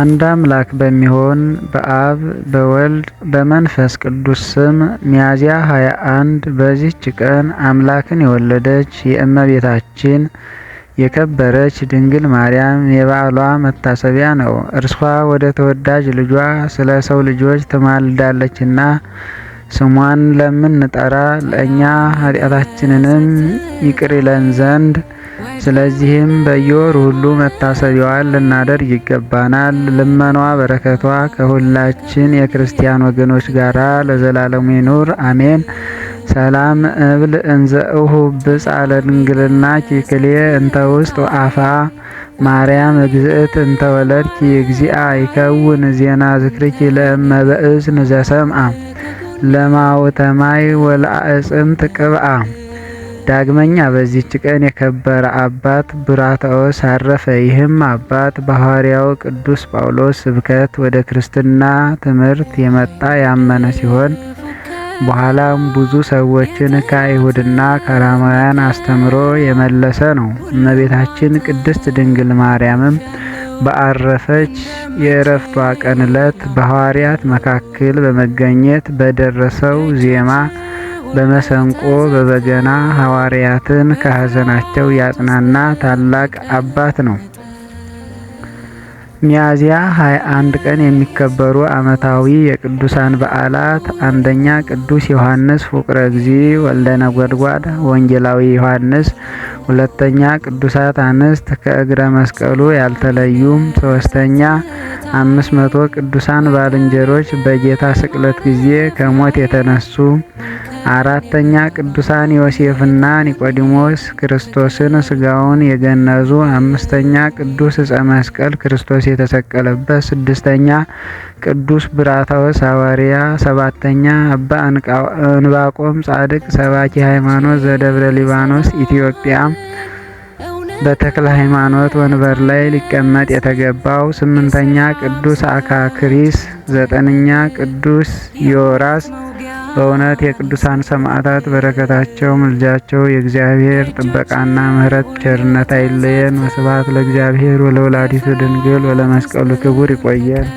አንድ አምላክ በሚሆን በአብ በወልድ በመንፈስ ቅዱስ ስም ሚያዝያ 21 በዚህች ቀን አምላክን የወለደች የእመቤታችን የከበረች ድንግል ማርያም የበዓሏ መታሰቢያ ነው። እርሷ ወደ ተወዳጅ ልጇ ስለ ሰው ልጆች ትማልዳለችና ስሟን ለምንጠራ ለእኛ ኃጢአታችንንም ይቅር ይለን ዘንድ ስለዚህም በየወሩ ሁሉ መታሰቢያዋን ልናደርግ ይገባናል። ልመኗ በረከቷ ከሁላችን የክርስቲያን ወገኖች ጋር ለዘላለሙ ይኑር፣ አሜን። ሰላም እብል እንዘእሁ ብጻለ ድንግልና ኪክሌ እንተ ውስጥ አፋ ማርያም እግዝእት እንተ ወለድኪ እግዚአ ይከውን ዜና ዝክርኪ ለእመ በእዝን ዘሰምአ ለማውተማይ ወለአጽምት ቅብአ ዳግመኛ በዚህች ቀን የከበረ አባት ብራታዎስ አረፈ። ይህም አባት በሐዋርያው ቅዱስ ጳውሎስ ስብከት ወደ ክርስትና ትምህርት የመጣ ያመነ ሲሆን በኋላም ብዙ ሰዎችን ከአይሁድና ከአራማውያን አስተምሮ የመለሰ ነው። እመቤታችን ቅድስት ድንግል ማርያምም በአረፈች የእረፍቷ ቀን ዕለት በሐዋርያት መካከል በመገኘት በደረሰው ዜማ በመሰንቆ በበገና ሐዋርያትን ከሐዘናቸው ያጽናና ታላቅ አባት ነው። ሚያዝያ 21 ቀን የሚከበሩ ዓመታዊ የቅዱሳን በዓላት፣ አንደኛ ቅዱስ ዮሐንስ ፍቁረ እግዚእ ወልደ ነጎድጓድ ወንጌላዊ ዮሐንስ፣ ሁለተኛ ቅዱሳት አንስት ከእግረ መስቀሉ ያልተለዩም፣ ሶስተኛ 500 ቅዱሳን ባልንጀሮች በጌታ ስቅለት ጊዜ ከሞት የተነሱ አራተኛ ቅዱሳን ዮሴፍና ኒቆዲሞስ ክርስቶስን ስጋውን የገነዙ። አምስተኛ ቅዱስ ዕፀ መስቀል ክርስቶስ የተሰቀለበት። ስድስተኛ ቅዱስ ብራታዎስ ሐዋርያ። ሰባተኛ አባ እንባቆም ጻድቅ ሰባኪ ሃይማኖት ዘደብረ ሊባኖስ ኢትዮጵያ በተክለ ሃይማኖት ወንበር ላይ ሊቀመጥ የተገባው። ስምንተኛ ቅዱስ አካክሪስ። ዘጠነኛ ቅዱስ ዮራስ በእውነት የቅዱሳን ሰማዕታት በረከታቸው፣ ምልጃቸው፣ የእግዚአብሔር ጥበቃና ምሕረት ቸርነት አይለየን። ወስብሐት ለእግዚአብሔር ወለወላዲቱ ድንግል ወለመስቀሉ ክቡር። ይቆየን።